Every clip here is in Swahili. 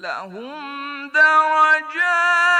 lahum darajat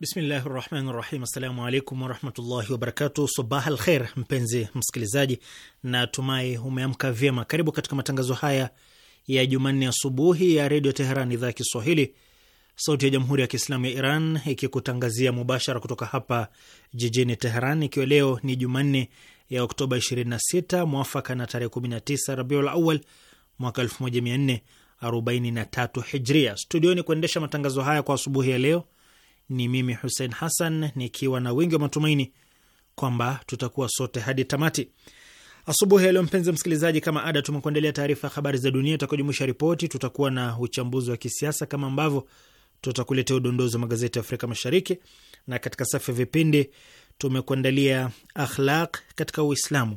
Bismillahi rahmani rahim. Assalamu alaikum warahmatullahi wabarakatu. subah al kher, mpenzi msikilizaji, na umeamka vyema. Karibu katika matangazo haya ya Jumanne asubuhi ya redio Teheran, idhaa ya Kiswahili, sauti ya jamhuri ya kiislamu ya Iran, ikikutangazia mubashara kutoka hapa jijini Teheran, ikiwa leo ni Jumanne ya Oktoba 26 mwafaka na tarehe 19 Rabiul Awal mwaka 1443 Hijria. Studioni kuendesha matangazo haya kwa asubuhi ya leo ni mimi Hussein Hassan nikiwa na wingi wa matumaini kwamba tutakuwa sote hadi tamati asubuhi ya leo. Mpenzi msikilizaji, kama ada, tumekuandalia taarifa ya habari za dunia itakayojumuisha ripoti. Tutakuwa na uchambuzi wa kisiasa kama ambavyo tutakuletea udondozi wa magazeti ya Afrika Mashariki, na katika safu ya vipindi tumekuandalia akhlaq katika Uislamu,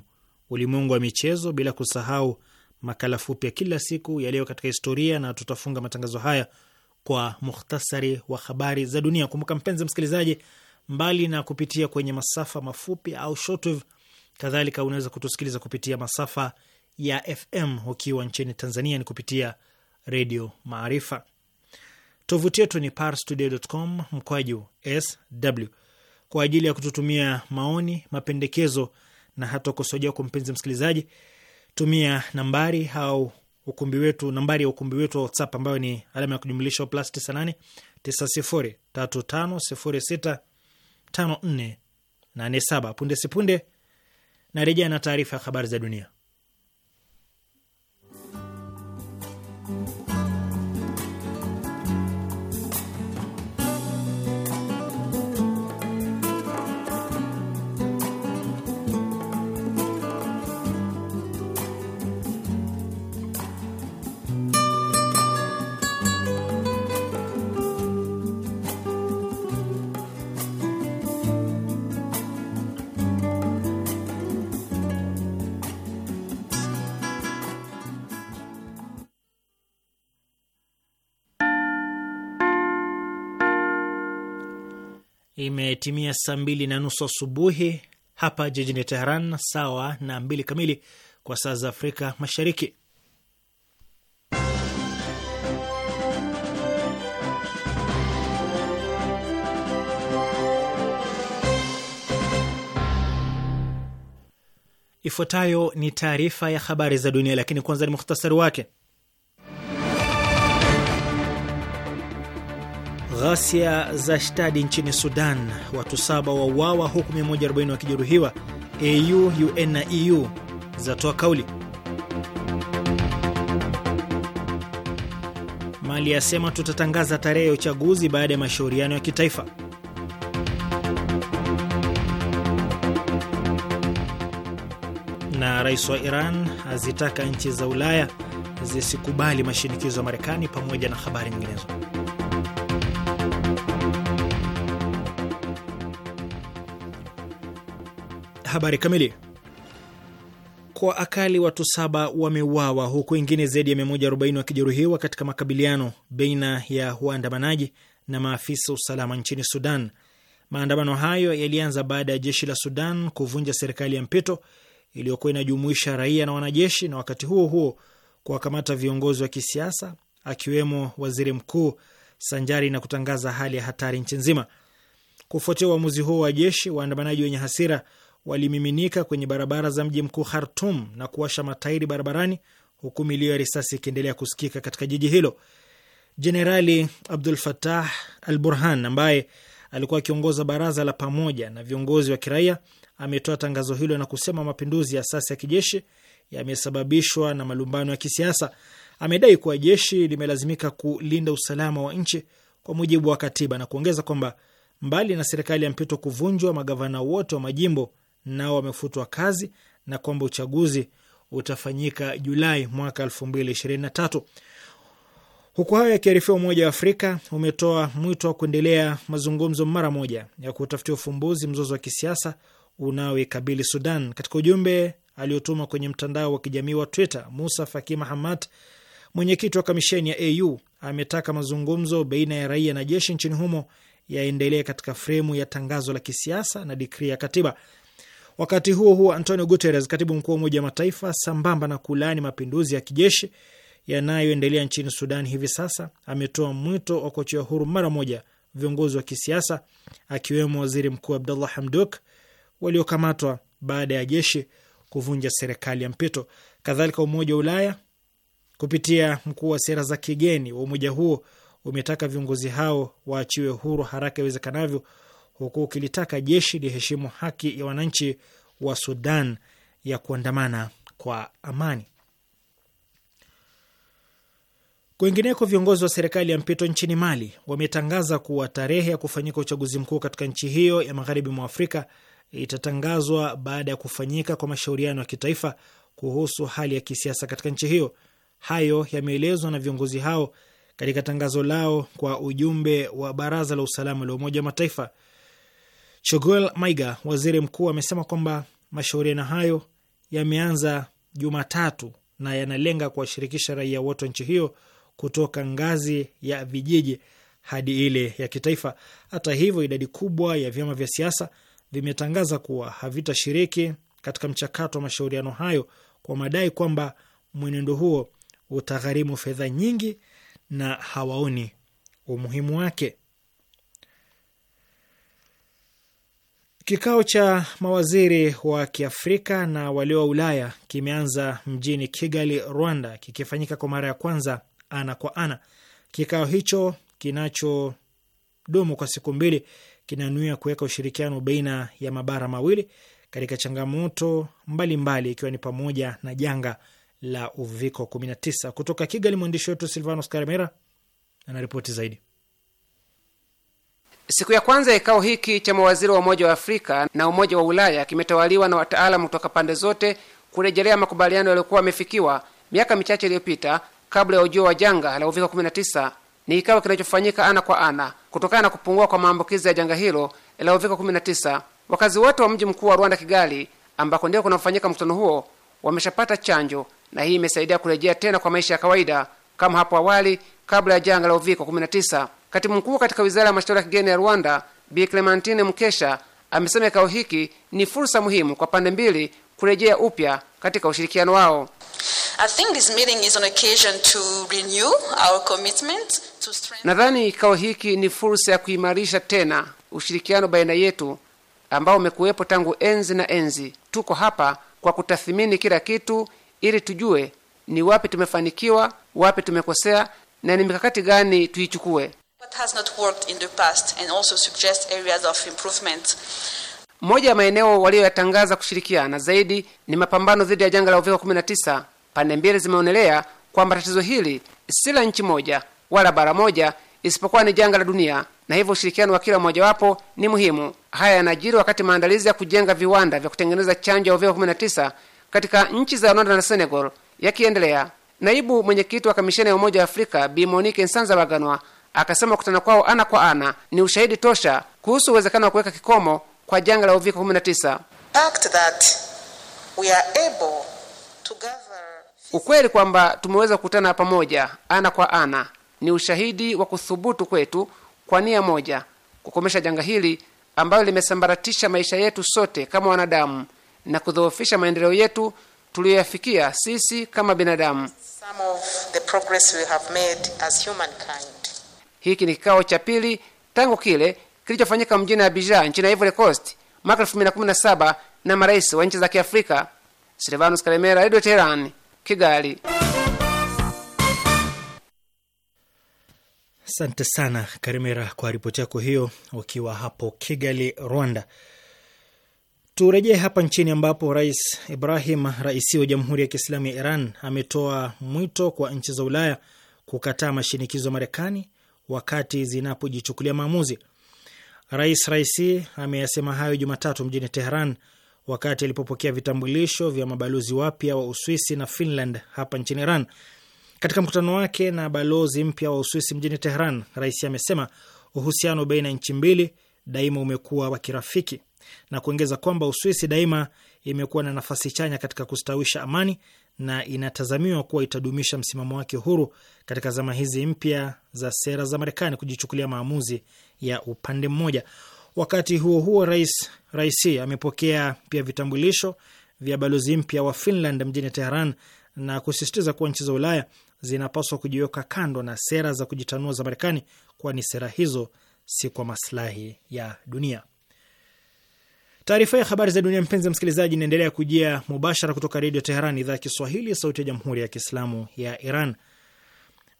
ulimwengu wa michezo, bila kusahau makala fupi ya kila siku yaliyo katika historia, na tutafunga matangazo haya kwa muhtasari wa habari za dunia. Kumbuka mpenzi msikilizaji, mbali na kupitia kwenye masafa mafupi au shortwave, kadhalika unaweza kutusikiliza kupitia masafa ya FM ukiwa nchini Tanzania ni kupitia Redio Maarifa. Tovuti yetu ni parstoday.com mkwaju sw kwa ajili ya kututumia maoni, mapendekezo na hata ukosoaji wako, mpenzi msikilizaji, tumia nambari au ukumbi wetu, nambari ya ukumbi wetu wa WhatsApp ambayo ni alama ya kujumlisha plus 98 9035065487. Punde sipunde narejea na taarifa ya habari za dunia. imetimia saa mbili na nusu asubuhi hapa jijini Teheran, sawa na mbili kamili kwa saa za Afrika Mashariki. Ifuatayo ni taarifa ya habari za dunia, lakini kwanza ni muhtasari wake. Ghasia za shtadi nchini Sudan, watu saba wauawa huku 140 wakijeruhiwa. AU, UN na EU zatoa kauli. Mali yasema tutatangaza tarehe ya uchaguzi baada ya mashauriano ya kitaifa. Na rais wa Iran azitaka nchi za Ulaya zisikubali mashinikizo ya Marekani, pamoja na habari nyinginezo. Habari kamili. Kwa akali watu saba wameuawa huku wengine zaidi ya 140 wakijeruhiwa katika makabiliano baina ya waandamanaji na maafisa usalama nchini Sudan. Maandamano hayo yalianza baada ya jeshi la Sudan kuvunja serikali ya mpito iliyokuwa inajumuisha raia na wanajeshi, na wakati huo huo kuwakamata viongozi wa kisiasa akiwemo waziri mkuu, sanjari na kutangaza hali ya hatari nchi nzima. Kufuatia uamuzi huo wa jeshi, waandamanaji wenye hasira walimiminika kwenye barabara za mji mkuu Khartum na kuwasha matairi barabarani huku milio ya risasi ikiendelea kusikika katika jiji hilo. Jenerali Abdul Fatah Al Burhan ambaye alikuwa akiongoza baraza la pamoja na viongozi wa kiraia ametoa tangazo hilo na kusema mapinduzi ya sasa ya kijeshi yamesababishwa na malumbano ya kisiasa. Amedai kuwa jeshi limelazimika kulinda usalama wa nchi kwa mujibu wa katiba na kuongeza kwamba mbali na serikali ya mpito kuvunjwa, magavana wote wa majimbo nao wamefutwa kazi na kwamba uchaguzi utafanyika Julai mwaka elfu mbili ishirini na tatu. Huku hayo yakiarifiwa, Umoja wa Afrika umetoa mwito wa kuendelea mazungumzo mara moja ya kutafutia ufumbuzi mzozo wa kisiasa unaoikabili Sudan. Katika ujumbe aliotuma kwenye mtandao wa kijamii wa Twitter, Musa Faki Mahamat, mwenyekiti wa kamisheni ya AU, ametaka mazungumzo baina ya raia na jeshi nchini humo yaendelee katika fremu ya tangazo la kisiasa na dikri ya katiba. Wakati huo huo, Antonio Guterres, katibu mkuu wa Umoja wa Mataifa, sambamba na kulaani mapinduzi ya kijeshi yanayoendelea nchini Sudan hivi sasa, ametoa mwito wa kuachia huru mara moja viongozi wa kisiasa akiwemo waziri mkuu Abdullah Hamdok waliokamatwa baada ya jeshi kuvunja serikali ya mpito. Kadhalika, Umoja wa Ulaya kupitia mkuu wa sera za kigeni wa umoja huo umetaka viongozi hao waachiwe huru haraka iwezekanavyo huku ukilitaka jeshi liheshimu haki ya wananchi wa Sudan ya kuandamana kwa amani. Kwingineko, viongozi wa serikali ya mpito nchini Mali wametangaza kuwa tarehe ya kufanyika uchaguzi mkuu katika nchi hiyo ya magharibi mwa Afrika itatangazwa baada ya kufanyika kwa mashauriano ya kitaifa kuhusu hali ya kisiasa katika nchi hiyo. Hayo yameelezwa na viongozi hao katika tangazo lao kwa ujumbe wa Baraza la Usalama la Umoja wa Mataifa. Choguel Maiga, waziri mkuu, amesema kwamba mashauriano hayo yameanza Jumatatu na yanalenga kuwashirikisha raia wote nchi hiyo kutoka ngazi ya vijiji hadi ile ya kitaifa. Hata hivyo, idadi kubwa ya vyama vya siasa vimetangaza kuwa havitashiriki katika mchakato wa mashauriano hayo kwa madai kwamba mwenendo huo utagharimu fedha nyingi na hawaoni umuhimu wake. Kikao cha mawaziri wa Kiafrika na walio wa Ulaya kimeanza mjini Kigali, Rwanda, kikifanyika kwa mara ya kwanza ana kwa ana. Kikao hicho kinachodumu kwa siku mbili kinanuia kuweka ushirikiano baina ya mabara mawili katika changamoto mbalimbali, ikiwa mbali ni pamoja na janga la uviko 19. Kutoka Kigali, mwandishi wetu Silvanos Karemera anaripoti zaidi. Siku ya kwanza ya kikao hiki cha mawaziri wa Umoja wa Afrika na Umoja wa Ulaya kimetawaliwa na wataalamu kutoka pande zote kurejelea makubaliano yaliyokuwa yamefikiwa miaka michache iliyopita kabla ya ujio wa janga la uviko 19. Ni kikao kinachofanyika ana kwa ana kutokana na kupungua kwa maambukizi ya janga hilo la uviko 19. Wakazi wote wa mji mkuu wa Rwanda, Kigali, ambako ndio kunafanyika mkutano huo, wameshapata chanjo na hii imesaidia kurejea tena kwa maisha ya kawaida kama hapo awali kabla ya janga la uviko 19. Katibu mkuu katika wizara ya mashauri ya kigeni ya Rwanda Bi Clementine Mkesha amesema kikao hiki ni fursa muhimu kwa pande mbili kurejea upya katika ushirikiano wao. Nadhani kikao hiki ni fursa ya kuimarisha tena ushirikiano baina yetu ambao umekuwepo tangu enzi na enzi. Tuko hapa kwa kutathimini kila kitu ili tujue ni wapi tumefanikiwa, wapi tumekosea na ni mikakati gani tuichukue has not worked in the past and also suggest areas of improvement. Moja ya maeneo waliyoyatangaza kushirikiana zaidi ni mapambano dhidi ya janga la uviko 19. Pande mbili zimeonelea kwamba tatizo hili si la nchi moja wala bara moja, isipokuwa ni janga la dunia, na hivyo ushirikiano wa kila mmojawapo ni muhimu. Haya yanajiri wakati maandalizi ya kujenga viwanda vya kutengeneza chanjo ya uviko 19 katika nchi za Rwanda na Senegal yakiendelea. Naibu mwenyekiti wa kamisheni ya Umoja wa Afrika Bi Monique Nsanzabaganwa akasema kukutana kwao ana kwa ana ni ushahidi tosha kuhusu uwezekano wa kuweka kikomo kwa janga la uviko 19. Ukweli kwamba tumeweza kukutana pamoja ana kwa ana ni ushahidi wa kuthubutu kwetu kwa nia moja kukomesha janga hili ambalo limesambaratisha maisha yetu sote kama wanadamu na kudhoofisha maendeleo yetu tuliyoyafikia sisi kama binadamu. Some of the progress we have made as humankind. Hiki ni kikao cha pili tangu kile kilichofanyika mjini Abidjan nchini Ivory Coast mwaka 2017 na marais wa nchi za Kiafrika. Silvanus Kalemera, Radio Teheran, Kigali. Asante sana Karimera kwa ripoti yako hiyo, wakiwa hapo Kigali, Rwanda. Turejee hapa nchini ambapo Rais Ibrahim Raisi wa Jamhuri ya Kiislamu ya Iran ametoa mwito kwa nchi za Ulaya kukataa mashinikizo ya Marekani wakati zinapojichukulia maamuzi. Rais Raisi ameyasema hayo Jumatatu mjini Teheran wakati alipopokea vitambulisho vya mabalozi wapya wa Uswisi na Finland hapa nchini Iran. Katika mkutano wake na balozi mpya wa Uswisi mjini Teheran, rais amesema uhusiano baina ya nchi mbili daima umekuwa wa kirafiki na kuongeza kwamba Uswisi daima imekuwa na nafasi chanya katika kustawisha amani na inatazamiwa kuwa itadumisha msimamo wake huru katika zama hizi mpya za sera za Marekani kujichukulia maamuzi ya upande mmoja. Wakati huo huo, rais Raisi amepokea pia vitambulisho vya balozi mpya wa Finland mjini Teheran na kusisitiza kuwa nchi za Ulaya zinapaswa kujiweka kando na sera za kujitanua za Marekani, kwani sera hizo si kwa maslahi ya dunia. Taarifa ya habari za dunia, mpenzi msikilizaji, inaendelea kujia mubashara kutoka Redio Teheran, idhaa ya Kiswahili, sauti ya Jamhuri ya Kiislamu ya Iran.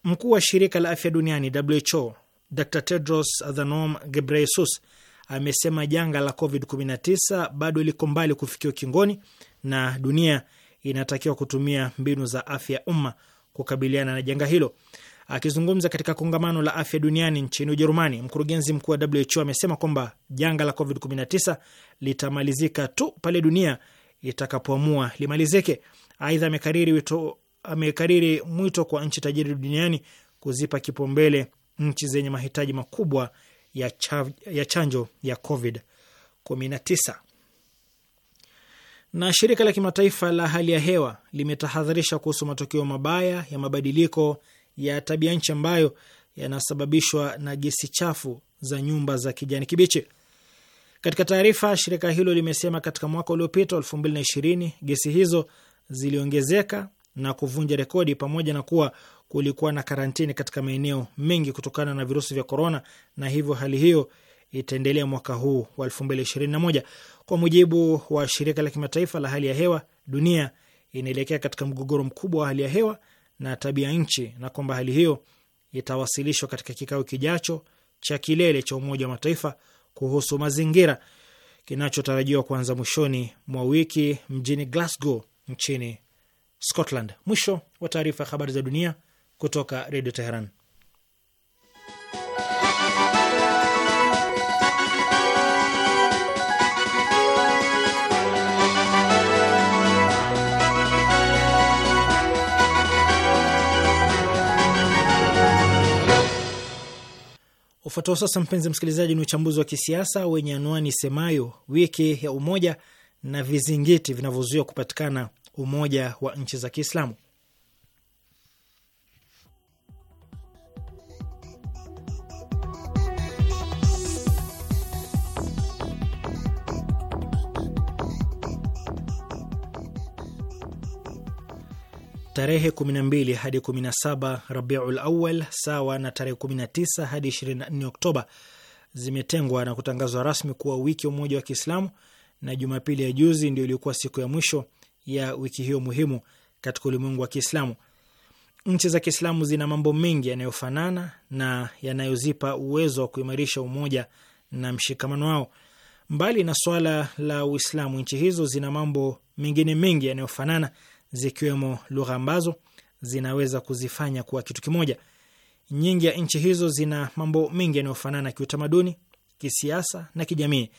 Mkuu wa shirika la afya duniani WHO Dr Tedros Adhanom Ghebreyesus amesema janga la COVID-19 bado liko mbali kufikia ukingoni na dunia inatakiwa kutumia mbinu za afya ya umma kukabiliana na janga hilo. Akizungumza katika kongamano la afya duniani nchini Ujerumani, mkurugenzi mkuu wa WHO amesema kwamba janga la COVID-19 litamalizika tu pale dunia itakapoamua limalizike. Aidha, amekariri wito amekariri mwito kwa nchi tajiri duniani kuzipa kipaumbele nchi zenye mahitaji makubwa ya, chav, ya chanjo ya COVID-19. Na shirika la kimataifa la hali ya hewa limetahadharisha kuhusu matokeo mabaya ya mabadiliko ya tabia nchi ambayo yanasababishwa na gesi chafu za nyumba za kijani kibichi. Katika taarifa, shirika hilo limesema katika mwaka uliopita 2020 gesi hizo ziliongezeka na kuvunja rekodi, pamoja na kuwa kulikuwa na karantini katika maeneo mengi kutokana na virusi vya korona, na hivyo hali hiyo itaendelea mwaka huu wa 2021. Kwa mujibu wa shirika la kimataifa la hali ya hewa, dunia inaelekea katika mgogoro mkubwa wa hali ya hewa na tabia nchi na kwamba hali hiyo itawasilishwa katika kikao kijacho cha kilele cha Umoja wa Mataifa kuhusu mazingira kinachotarajiwa kuanza mwishoni mwa wiki mjini Glasgow nchini Scotland. Mwisho wa taarifa ya habari za dunia kutoka Redio Teheran. Ufuatao sasa, mpenzi msikilizaji, ni uchambuzi wa kisiasa wenye anwani semayo wiki ya umoja na vizingiti vinavyozuia kupatikana umoja wa nchi za Kiislamu. Tarehe 12 hadi 17 Rabiul Awal sawa na tarehe 19 hadi 24 Oktoba zimetengwa na kutangazwa rasmi kuwa wiki ya Umoja wa Kiislamu, na Jumapili ya juzi ndio ilikuwa siku ya mwisho ya wiki hiyo muhimu katika ulimwengu wa Kiislamu. Nchi za Kiislamu zina mambo mengi yanayofanana na yanayozipa uwezo wa kuimarisha umoja na mshikamano wao. Mbali na swala la Uislamu, nchi hizo zina mambo mengine mengi yanayofanana zikiwemo lugha ambazo zinaweza kuzifanya kuwa kitu kimoja. Nyingi ya nchi hizo zina mambo mengi yanayofanana kiutamaduni, kisiasa na kijamii,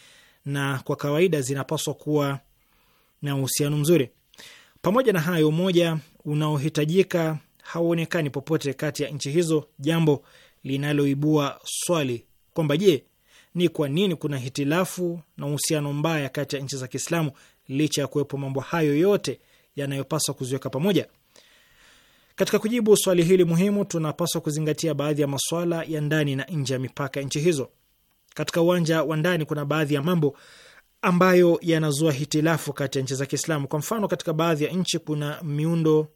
na kwa kawaida zinapaswa kuwa na uhusiano mzuri. Pamoja na hayo, umoja unaohitajika hauonekani popote kati ya nchi hizo, jambo linaloibua swali kwamba je, ni kwa nini kuna hitilafu na uhusiano mbaya kati ya nchi za Kiislamu licha ya kuwepo mambo hayo yote yanayopaswa kuziweka pamoja. Katika kujibu swali hili muhimu, tunapaswa kuzingatia baadhi ya maswala ya ndani na nje ya mipaka ya nchi hizo. Katika uwanja wa ndani, kuna baadhi ya mambo ambayo yanazua hitilafu kati ya nchi za Kiislamu. Kwa mfano, katika baadhi ya nchi kuna miundo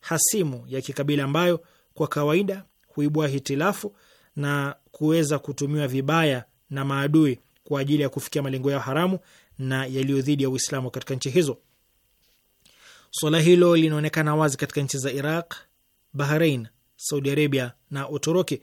hasimu ya kikabila ambayo kwa kawaida huibua hitilafu na kuweza kutumiwa vibaya na maadui kwa ajili ya kufikia malengo yao haramu na yaliyo dhidi ya Uislamu katika nchi hizo. Swala hilo linaonekana wazi katika nchi za Iraq, Bahrain, Saudi Arabia na Uturuki.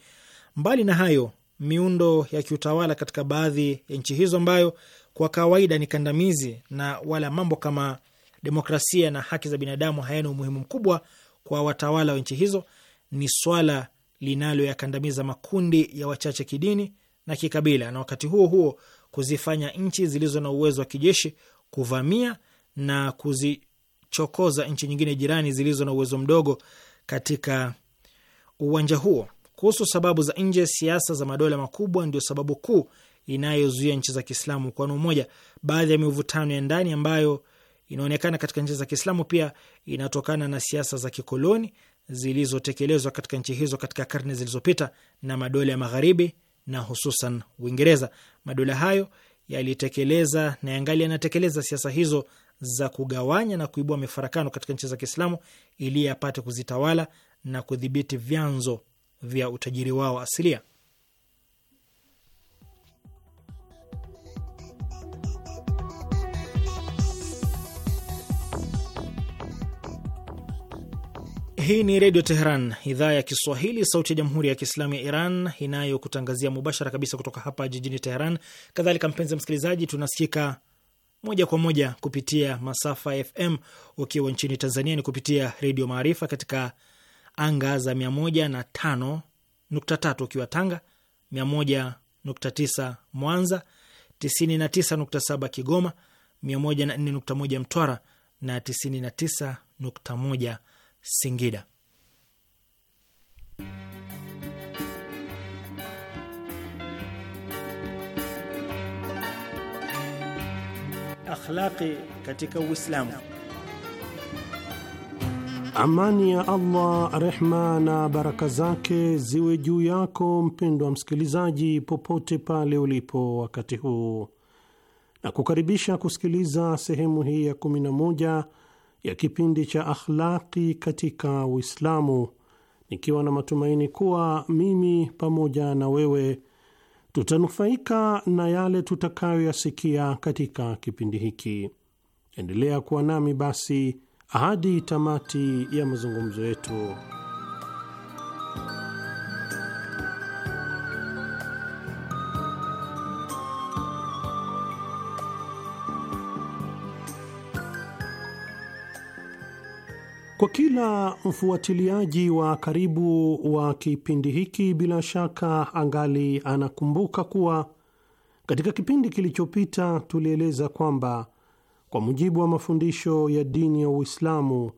Mbali na hayo, miundo ya kiutawala katika baadhi ya nchi hizo ambayo kwa kawaida ni kandamizi na wala mambo kama demokrasia na haki za binadamu hayana umuhimu mkubwa kwa watawala wa nchi hizo, ni swala linaloyakandamiza makundi ya wachache kidini na kikabila, na wakati huo huo kuzifanya nchi zilizo na uwezo wa kijeshi kuvamia na kuzi kuzichokoza nchi nyingine jirani zilizo na uwezo mdogo katika uwanja huo. Kuhusu sababu za nje, siasa za madola makubwa ndio sababu kuu inayozuia nchi za Kiislamu kuwa na umoja. Baadhi ya mivutano ya ndani ambayo inaonekana katika nchi za Kiislamu pia inatokana na siasa za kikoloni zilizotekelezwa katika nchi hizo katika karne zilizopita na madola ya Magharibi na hususan Uingereza. Madola hayo yalitekeleza na yangali yanatekeleza siasa hizo za kugawanya na kuibua mifarakano katika nchi za Kiislamu ili apate kuzitawala na kudhibiti vyanzo vya utajiri wao asilia. Hii ni Redio Teheran, idhaa ya Kiswahili, sauti ya Jamhuri ya Kiislamu ya Iran inayokutangazia mubashara kabisa kutoka hapa jijini Teheran. Kadhalika mpenzi msikilizaji, tunasikika moja kwa moja kupitia masafa FM. Ukiwa nchini Tanzania ni kupitia Redio Maarifa katika anga za 105.3, ukiwa Tanga 101.9, Mwanza 99.7, Kigoma 104.1, Mtwara na 99.1, Singida. akhlaqi katika Uislamu. Amani ya Allah, rehma na baraka zake ziwe juu yako mpendwa msikilizaji, popote pale ulipo wakati huu, na kukaribisha kusikiliza sehemu hii ya 11 ya kipindi cha akhlaqi katika Uislamu, nikiwa na matumaini kuwa mimi pamoja na wewe tutanufaika na yale tutakayoyasikia katika kipindi hiki. Endelea kuwa nami basi hadi tamati ya mazungumzo yetu. Kwa kila mfuatiliaji wa karibu wa kipindi hiki, bila shaka angali anakumbuka kuwa katika kipindi kilichopita tulieleza kwamba kwa mujibu wa mafundisho ya dini ya Uislamu,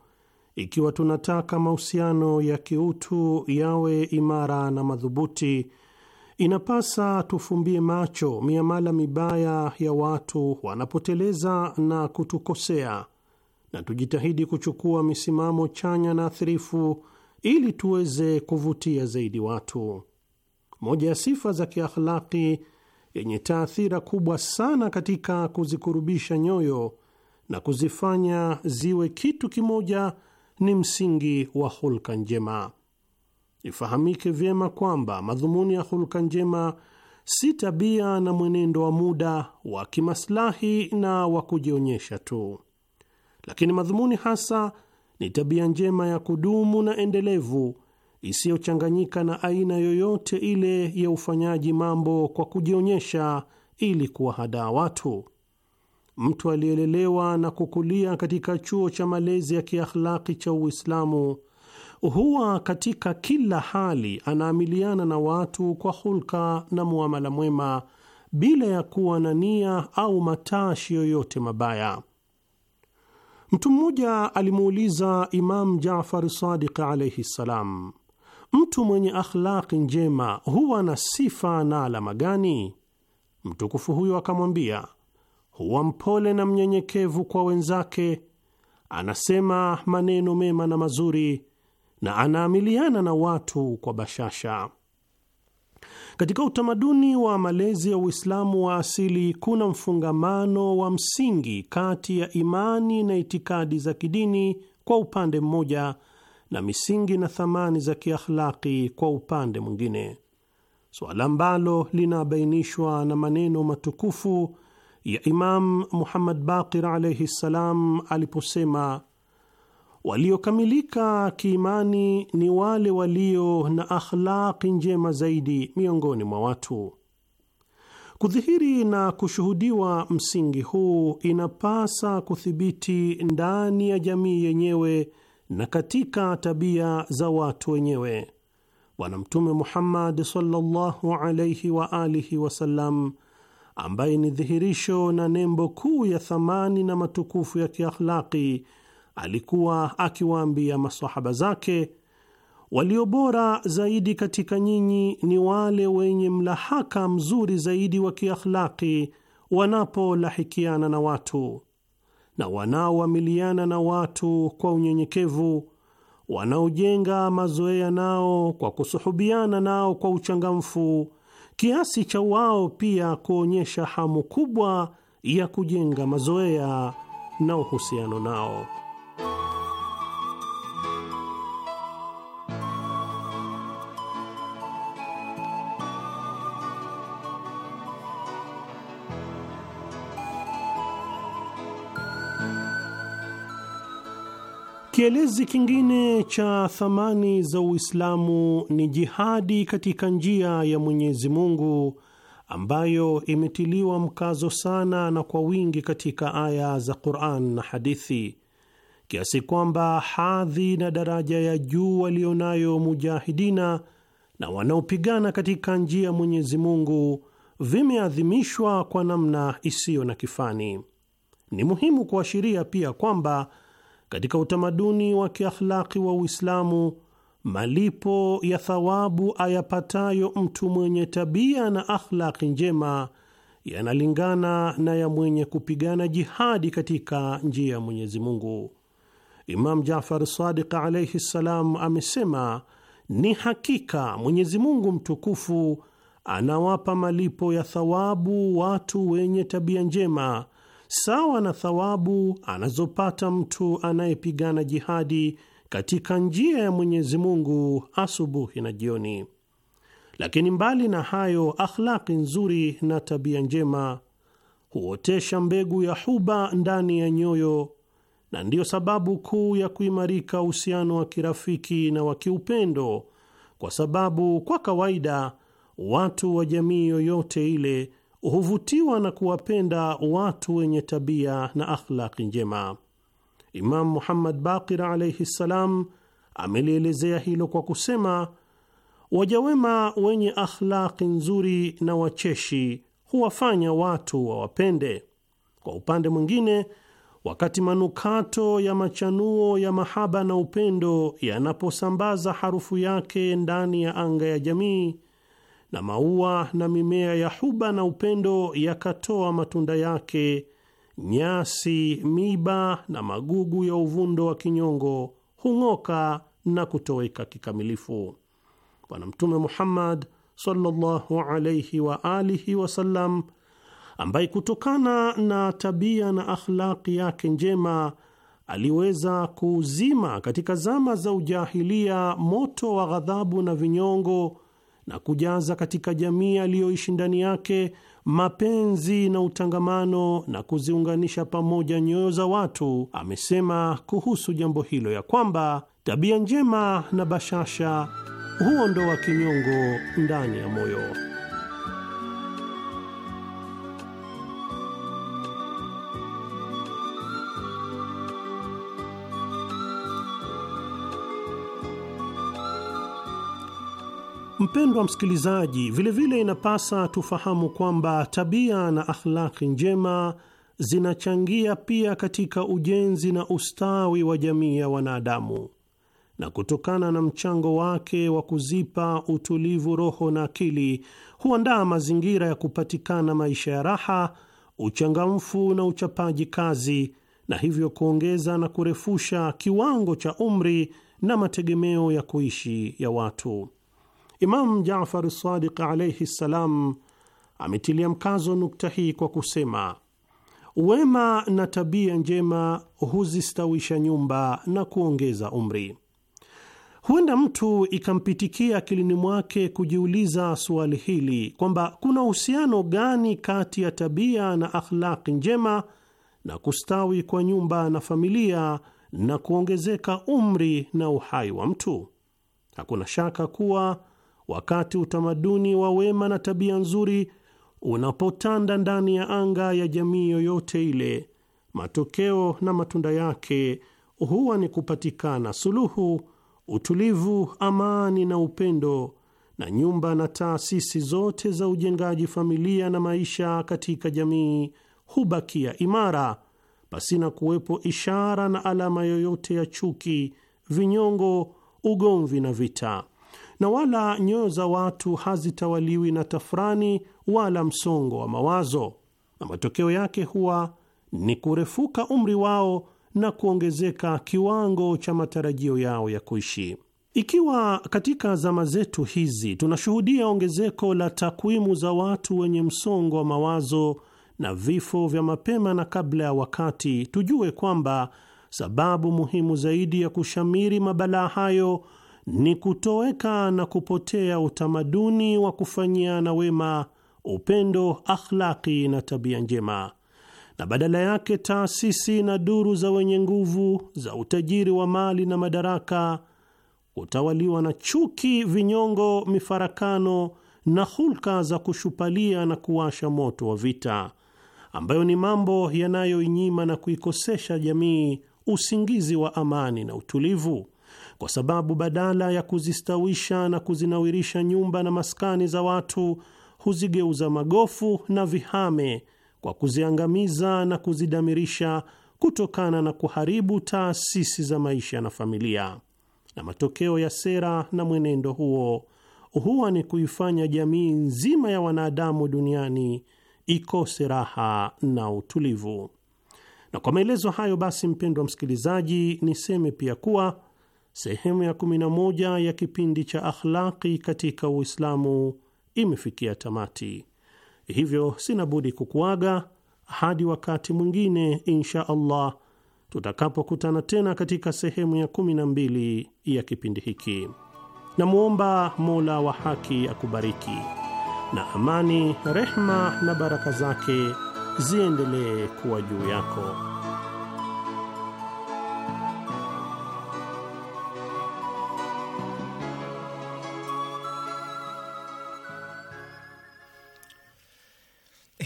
ikiwa tunataka mahusiano ya kiutu yawe imara na madhubuti, inapasa tufumbie macho miamala mibaya ya watu wanapoteleza na kutukosea na tujitahidi kuchukua misimamo chanya na athirifu ili tuweze kuvutia zaidi watu. Moja ya sifa za kiakhlaki yenye taathira kubwa sana katika kuzikurubisha nyoyo na kuzifanya ziwe kitu kimoja ni msingi wa hulka njema. Ifahamike vyema kwamba madhumuni ya hulka njema si tabia na mwenendo wa muda wa kimaslahi na wa kujionyesha tu lakini madhumuni hasa ni tabia njema ya kudumu na endelevu isiyochanganyika na aina yoyote ile ya ufanyaji mambo kwa kujionyesha ili kuwahadaa watu. Mtu aliyelelewa na kukulia katika chuo cha malezi ya kiakhlaki cha Uislamu huwa katika kila hali anaamiliana na watu kwa hulka na muamala mwema bila ya kuwa na nia au matashi yoyote mabaya. Mtu mmoja alimuuliza Imamu Jafari Sadiq alaihi ssalam, mtu mwenye akhlaqi njema huwa na sifa na alama gani? Mtukufu huyo akamwambia, huwa mpole na mnyenyekevu kwa wenzake, anasema maneno mema na mazuri, na anaamiliana na watu kwa bashasha. Katika utamaduni wa malezi ya Uislamu wa asili kuna mfungamano wa msingi kati ya imani na itikadi za kidini kwa upande mmoja na misingi na thamani za kiakhlaki kwa upande mwingine, suala ambalo linabainishwa na maneno matukufu ya Imam Muhammad Baqir alaihi ssalam aliposema Waliokamilika kiimani ni wale walio na akhlaqi njema zaidi miongoni mwa watu. Kudhihiri na kushuhudiwa msingi huu inapasa kuthibiti ndani ya jamii yenyewe na katika tabia za watu wenyewe. Bwana Mtume Muhammad sallallahu alayhi wa alihi wasallam, ambaye ni dhihirisho na nembo kuu ya thamani na matukufu ya kiakhlaqi alikuwa akiwaambia masahaba zake, walio bora zaidi katika nyinyi ni wale wenye mlahaka mzuri zaidi wa kiakhlaki wanapolahikiana na watu na wanaoamiliana na watu kwa unyenyekevu, wanaojenga mazoea nao kwa kusuhubiana nao kwa uchangamfu, kiasi cha wao pia kuonyesha hamu kubwa ya kujenga mazoea na uhusiano nao. Kielezi kingine cha thamani za Uislamu ni jihadi katika njia ya Mwenyezi Mungu ambayo imetiliwa mkazo sana na kwa wingi katika aya za Qur'an na hadithi, kiasi kwamba hadhi na daraja ya juu walionayo mujahidina na wanaopigana katika njia ya Mwenyezi Mungu vimeadhimishwa kwa namna isiyo na kifani. Ni muhimu kuashiria pia kwamba katika utamaduni wa kiakhlaki wa Uislamu, malipo ya thawabu ayapatayo mtu mwenye tabia na akhlaki njema yanalingana na ya mwenye kupigana jihadi katika njia ya Mwenyezi Mungu. Imam Jafar Sadiq alaihi ssalam amesema ni hakika Mwenyezi Mungu mtukufu anawapa malipo ya thawabu watu wenye tabia njema sawa na thawabu anazopata mtu anayepigana jihadi katika njia ya Mwenyezi Mungu asubuhi na jioni. Lakini mbali na hayo, akhlaki nzuri na tabia njema huotesha mbegu ya huba ndani ya nyoyo, na ndiyo sababu kuu ya kuimarika uhusiano wa kirafiki na wa kiupendo, kwa sababu kwa kawaida watu wa jamii yoyote ile huvutiwa na kuwapenda watu wenye tabia na akhlaki njema. Imam Muhammad Baqir alaihi ssalam amelielezea hilo kwa kusema, waja wema wenye akhlaki nzuri na wacheshi huwafanya watu wawapende. Kwa upande mwingine, wakati manukato ya machanuo ya mahaba na upendo yanaposambaza harufu yake ndani ya anga ya jamii na maua na mimea ya huba na upendo yakatoa matunda yake, nyasi, miba na magugu ya uvundo wa kinyongo hung'oka na kutoweka kikamilifu. Bwana Mtume Muhammad sallallahu alayhi wa alihi wasallam, ambaye kutokana na tabia na akhlaqi yake njema aliweza kuuzima katika zama za ujahilia moto wa ghadhabu na vinyongo na kujaza katika jamii aliyoishi ndani yake mapenzi na utangamano na kuziunganisha pamoja nyoyo za watu. Amesema kuhusu jambo hilo ya kwamba tabia njema na bashasha huondoa kinyongo ndani ya moyo. Mpendwa msikilizaji, vilevile inapasa tufahamu kwamba tabia na akhlaki njema zinachangia pia katika ujenzi na ustawi wa jamii ya wanadamu, na kutokana na mchango wake wa kuzipa utulivu roho na akili huandaa mazingira ya kupatikana maisha ya raha, uchangamfu na uchapaji kazi, na hivyo kuongeza na kurefusha kiwango cha umri na mategemeo ya kuishi ya watu imam Jafar Sadiq alaihi ssalam ametilia mkazo nukta hii kwa kusema, wema na tabia njema huzistawisha nyumba na kuongeza umri. Huenda mtu ikampitikia akilini mwake kujiuliza suali hili kwamba kuna uhusiano gani kati ya tabia na akhlaki njema na kustawi kwa nyumba na familia na kuongezeka umri na uhai wa mtu. Hakuna shaka kuwa wakati utamaduni wa wema na tabia nzuri unapotanda ndani ya anga ya jamii yoyote ile, matokeo na matunda yake huwa ni kupatikana suluhu, utulivu, amani na upendo, na nyumba na taasisi zote za ujengaji familia na maisha katika jamii hubakia imara pasina kuwepo ishara na alama yoyote ya chuki, vinyongo, ugomvi na vita na wala nyoyo za watu hazitawaliwi na tafrani wala msongo wa mawazo, na matokeo yake huwa ni kurefuka umri wao na kuongezeka kiwango cha matarajio yao ya kuishi. Ikiwa katika zama zetu hizi tunashuhudia ongezeko la takwimu za watu wenye msongo wa mawazo na vifo vya mapema na kabla ya wakati, tujue kwamba sababu muhimu zaidi ya kushamiri mabalaa hayo ni kutoweka na kupotea utamaduni wa kufanyiana wema, upendo, akhlaki na tabia njema, na badala yake taasisi na duru za wenye nguvu za utajiri wa mali na madaraka kutawaliwa na chuki, vinyongo, mifarakano na hulka za kushupalia na kuwasha moto wa vita, ambayo ni mambo yanayoinyima na kuikosesha jamii usingizi wa amani na utulivu kwa sababu badala ya kuzistawisha na kuzinawirisha nyumba na maskani za watu huzigeuza magofu na vihame kwa kuziangamiza na kuzidamirisha kutokana na kuharibu taasisi za maisha na familia. Na matokeo ya sera na mwenendo huo huwa ni kuifanya jamii nzima ya wanadamu duniani ikose raha na utulivu. Na kwa maelezo hayo basi, mpendwa msikilizaji, niseme pia kuwa sehemu ya 11 ya kipindi cha akhlaqi katika Uislamu imefikia tamati. Hivyo sina budi kukuaga hadi wakati mwingine, insha Allah tutakapokutana tena katika sehemu ya 12 ya kipindi hiki. Namwomba Mola wa haki akubariki na amani, rehma na baraka zake ziendelee kuwa juu yako.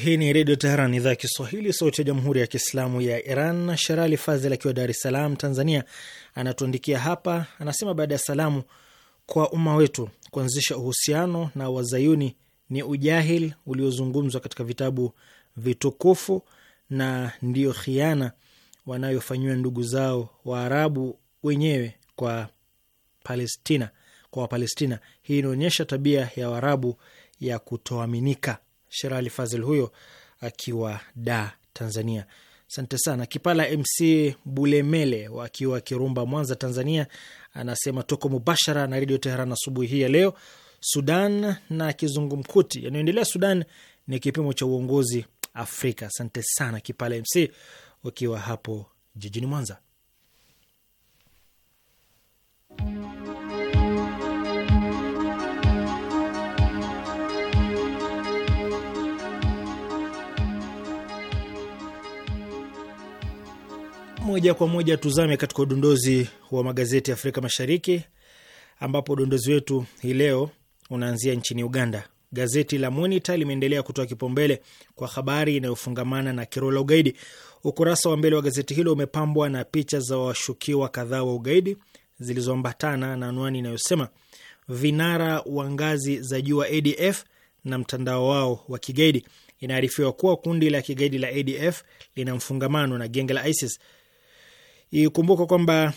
Hii ni Redio Teheran, idhaa ya Kiswahili, sauti ya Jamhuri ya Kiislamu ya Iran. Sherali Fazil akiwa Dar es Salaam, Tanzania, anatuandikia hapa, anasema: baada ya salamu, kwa umma wetu kuanzisha uhusiano na wazayuni ni ujahil uliozungumzwa katika vitabu vitukufu na ndiyo khiana wanayofanyiwa ndugu zao Waarabu wenyewe kwa Palestina, kwa Wapalestina. Hii inaonyesha tabia ya Waarabu ya kutoaminika. Sherali Fazil huyo akiwa Da, Tanzania. Asante sana Kipala MC Bulemele akiwa Kirumba, Mwanza, Tanzania, anasema tuko mubashara na Redio Teheran asubuhi hii ya leo. Sudan na kizungumkuti yanayoendelea Sudan ni kipimo cha uongozi Afrika. Asante sana Kipala MC ukiwa hapo jijini Mwanza. Moja kwa moja tuzame katika udondozi wa magazeti ya Afrika Mashariki, ambapo udondozi wetu hii leo unaanzia nchini Uganda. Gazeti la Monitor limeendelea kutoa kipaumbele kwa habari inayofungamana na kero la ugaidi. Ukurasa wa mbele wa gazeti hilo umepambwa na picha za washukiwa kadhaa wa ugaidi zilizoambatana na anwani inayosema vinara wa ngazi za juu wa ADF na mtandao wao wa kigaidi. Inaarifiwa kuwa kundi la kigaidi la ADF lina mfungamano na genge la ISIS. Ikumbuka kwamba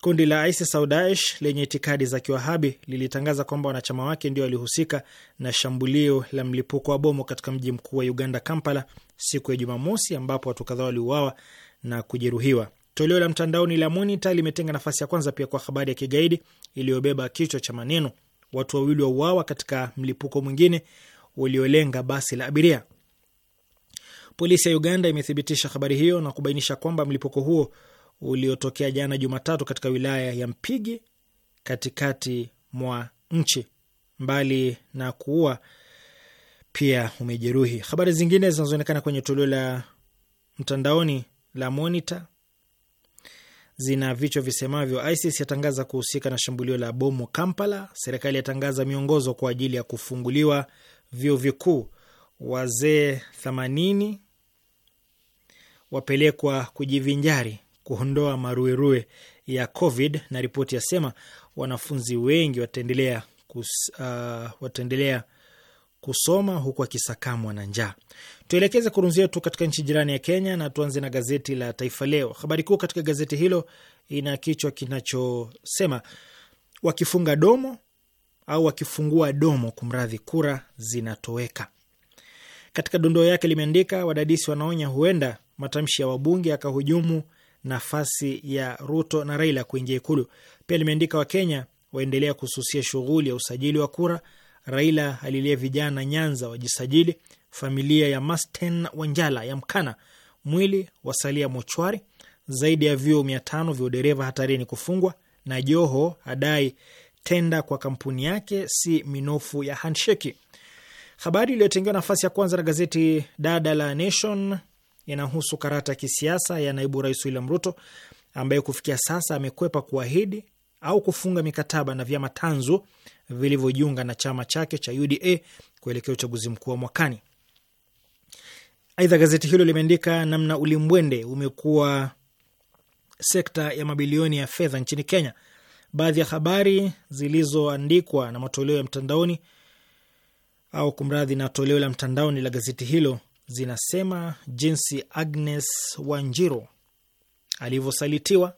kundi la ISIS au Daesh lenye itikadi za kiwahabi lilitangaza kwamba wanachama wake ndio walihusika na shambulio la mlipuko wa bomu katika mji mkuu wa Uganda, Kampala, siku ya Jumamosi, ambapo watu kadhaa waliuawa na kujeruhiwa. Toleo la mtandaoni la Monita limetenga nafasi ya kwanza pia kwa habari ya kigaidi iliyobeba kichwa cha maneno watu wawili wauawa katika mlipuko mwingine uliolenga basi la abiria. Polisi ya Uganda imethibitisha habari hiyo na kubainisha kwamba mlipuko huo uliotokea jana Jumatatu katika wilaya ya Mpigi katikati mwa nchi, mbali na kuua pia umejeruhi. Habari zingine zinazoonekana kwenye toleo la mtandaoni la Monitor zina vichwa visemavyo: ISIS yatangaza kuhusika na shambulio la bomu Kampala, serikali yatangaza miongozo kwa ajili ya kufunguliwa vyuo vikuu, wazee 80 wapelekwa kujivinjari kuondoa maruerue ya COVID, na ripoti yasema wanafunzi wengi wataendelea kus, uh, wataendelea kusoma huku akisakamwa na njaa. Tuelekeze kurunzi yetu katika nchi jirani ya Kenya na tuanze na gazeti la Taifa Leo. Habari kuu katika gazeti hilo ina kichwa kinachosema wakifunga domo au wakifungua domo, kumradhi, kura zinatoweka. Katika dondoo yake limeandika wadadisi wanaonya huenda matamshi ya wabunge yakahujumu nafasi ya Ruto na Raila kuingia Ikulu. Pia limeandika Wakenya waendelea kususia shughuli ya usajili wa kura. Raila alilia vijana Nyanza wajisajili. Familia ya Masten Wanjala ya mkana mwili wasalia mochwari. Zaidi ya vyuo mia tano vya udereva hatarini kufungwa. Na Joho adai tenda kwa kampuni yake si minofu ya handsheki. Habari iliyotengewa nafasi ya kwanza na gazeti dada la Nation inahusu karata ya kisiasa ya naibu rais William Ruto ambaye kufikia sasa amekwepa kuahidi au kufunga mikataba na vyama tanzu vilivyojiunga na chama chake cha UDA kuelekea uchaguzi mkuu wa mwakani. Aidha, gazeti hilo limeandika namna ulimbwende umekuwa sekta ya mabilioni ya fedha nchini Kenya. Baadhi ya habari zilizoandikwa na matoleo ya mtandaoni au kumradhi, na toleo la mtandaoni la gazeti hilo zinasema jinsi Agnes Wanjiru alivyosalitiwa.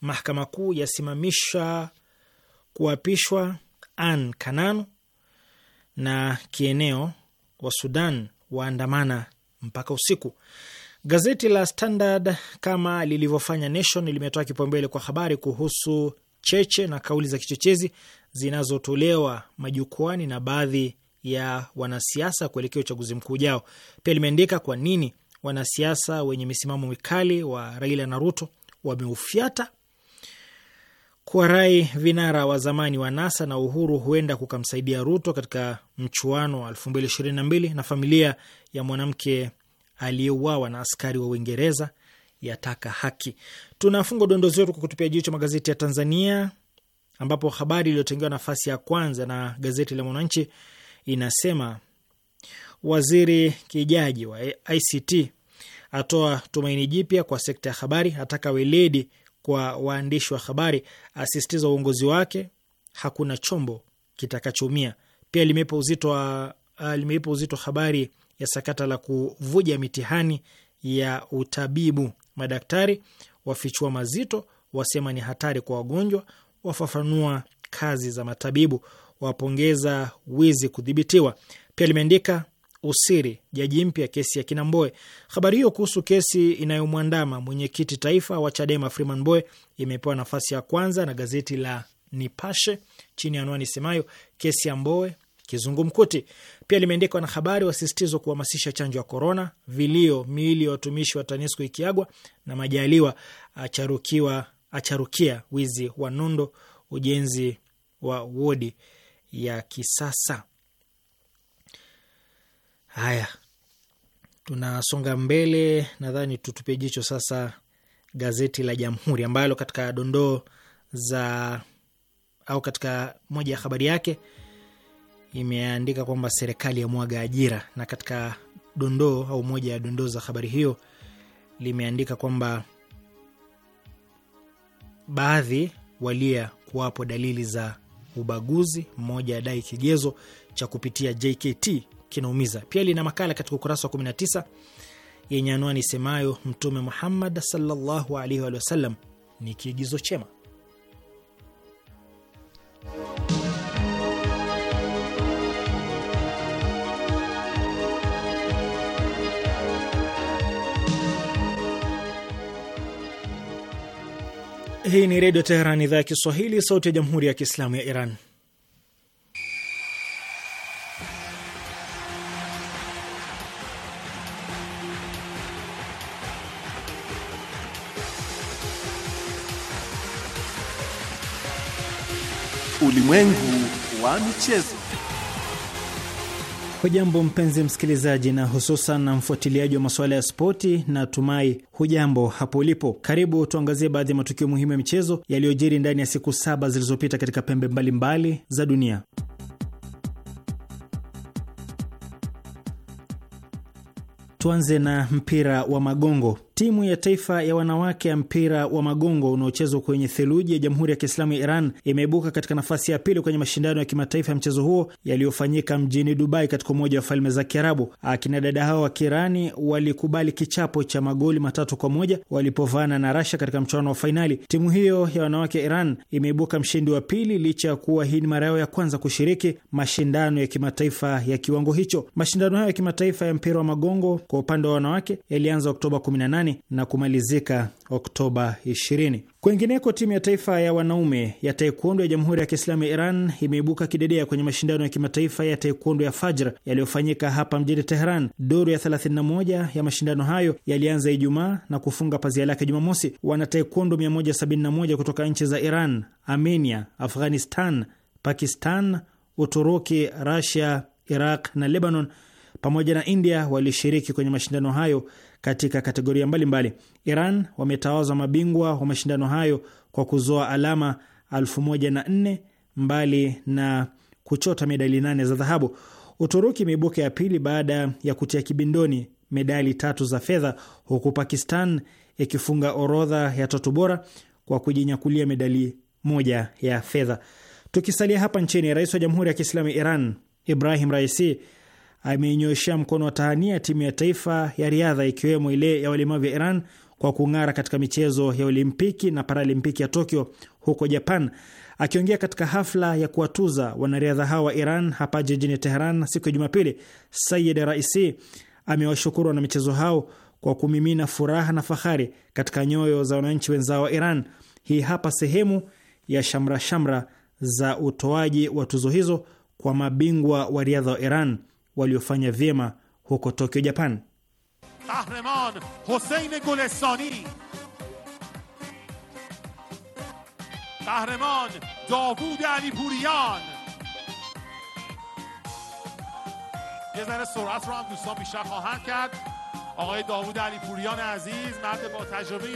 Mahakama Kuu yasimamisha kuapishwa An Kananu na kieneo wa Sudan waandamana mpaka usiku. Gazeti la Standard kama lilivyofanya Nation limetoa kipaumbele kwa habari kuhusu cheche na kauli za kichochezi zinazotolewa majukwani na baadhi ya wanasiasa kuelekea uchaguzi mkuu ujao. Pia limeandika kwa nini wanasiasa wenye misimamo mikali wa Raila na Ruto wameufyata kwa rai vinara wa zamani wa NASA na Uhuru huenda kukamsaidia Ruto katika mchuano wa elfu mbili ishirini na mbili na familia ya mwanamke aliyeuawa na askari wa Uingereza yataka haki. Tunafunga udondozi wetu kwa kutupia jicho magazeti ya Tanzania, ambapo habari iliyotengewa nafasi ya kwanza na gazeti la Mwananchi inasema waziri Kijaji wa ICT atoa tumaini jipya kwa sekta ya habari, ataka weledi kwa waandishi wa habari, asisitiza uongozi wake hakuna chombo kitakachoumia. Pia limeipa uzito wa uh, limeipa uzito habari ya sakata la kuvuja mitihani ya utabibu, madaktari wafichua mazito, wasema ni hatari kwa wagonjwa, wafafanua kazi za matabibu wapongeza wizi kudhibitiwa. Pia limeandika usiri jaji mpya kesi ya kina Mboe. Habari hiyo kuhusu kesi inayomwandama mwenyekiti taifa wa Chadema Freeman Mboe imepewa nafasi ya kwanza na gazeti la Nipashe chini ya anwani semayo kesi ya Mboe kizungumkuti. Pia limeandikwa na habari wasisitizwa kuhamasisha chanjo ya korona, vilio miili ya watumishi wa TANESCO ikiagwa, na Majaliwa acharukiwa acharukia wizi wa nondo ujenzi wa wodi ya kisasa. Haya, tunasonga mbele. Nadhani tutupie jicho sasa gazeti la Jamhuri ambalo katika dondoo za au katika moja ya habari yake imeandika kwamba serikali ya mwaga ajira, na katika dondoo au moja ya dondoo za habari hiyo limeandika kwamba baadhi walia kuwapo dalili za ubaguzi, mmoja adai kigezo cha kupitia JKT kinaumiza. Pia lina makala katika ukurasa wa 19 yenye anwani semayo Mtume Muhammad sallallahu alaihi wa sallam ni kiigizo chema. Hii ni Redio Teheran, idhaa ya Kiswahili, sauti ya Jamhuri ya Kiislamu ya Iran. Ulimwengu wa michezo. Hujambo mpenzi msikilizaji, na hususan na mfuatiliaji wa masuala ya spoti, na tumai hujambo hapo ulipo. Karibu tuangazie baadhi ya matukio muhimu ya michezo yaliyojiri ndani ya siku saba zilizopita katika pembe mbalimbali mbali za dunia. Tuanze na mpira wa magongo. Timu ya taifa ya wanawake ya mpira wa magongo unaochezwa kwenye theluji ya Jamhuri ya Kiislamu ya Iran imeibuka katika nafasi ya pili kwenye mashindano ya kimataifa ya mchezo huo yaliyofanyika mjini Dubai katika Umoja wa Falme za Kiarabu. Akina dada hao wa Kiirani walikubali kichapo cha magoli matatu kwa moja walipovana na Rasha katika mchuano wa fainali. Timu hiyo ya wanawake ya Iran imeibuka mshindi wa pili licha ya kuwa hii ni mara yao ya kwanza kushiriki mashindano ya kimataifa ya kiwango hicho. Mashindano hayo ya kimataifa ya mpira wa magongo kwa upande wa wanawake yalianza Oktoba 18 Marekani na kumalizika Oktoba 20. kwengineko timu ya taifa ya wanaume ya taekwondo ya Jamhuri ya Kiislamu ya Iran imeibuka kidedea kwenye mashindano ya kimataifa ya taekwondo ya Fajr yaliyofanyika hapa mjini teheran Duru ya 31 ya mashindano hayo yalianza Ijumaa na kufunga pazia lake Jumamosi. Wana taekwondo 171 kutoka nchi za Iran, Armenia, Afghanistan, Pakistan, Uturuki, rasia Iraq na Lebanon pamoja na India walishiriki kwenye mashindano hayo katika kategoria mbalimbali mbali. Iran wametawazwa mabingwa wa mashindano hayo kwa kuzoa alama 1004 mbali na kuchota medali nane za dhahabu. Uturuki imeibuka ya pili baada ya kutia kibindoni medali tatu za fedha, huku Pakistan ikifunga orodha ya tatu bora kwa kujinyakulia medali moja ya fedha. Tukisalia hapa nchini, rais wa Jamhuri ya Kiislamu Iran Ibrahim Raisi ameinyoshea mkono wa tahania timu ya taifa ya riadha ikiwemo ile ya walemavu ya Iran kwa kung'ara katika michezo ya Olimpiki na Paralimpiki ya Tokyo huko Japan. Akiongea katika hafla ya kuwatuza wanariadha hawa wa Iran hapa jijini Teheran siku ya Jumapili, Sayid Raisi amewashukuru michezo hao kwa kumimina furaha na fahari katika nyoyo za wananchi wenzao wa Iran. Hii hapa sehemu ya shamra shamra za utoaji wa tuzo hizo kwa mabingwa wa riadha wa Iran. waliofanya vyema huko Tokyo, Japan. Kahraman Hussein Kahraman Davud Alipurian. یه ذره سرعت رو هم دوستان بیشتر خواهند کرد آقای داوود پوریان عزیز مرد با تجربه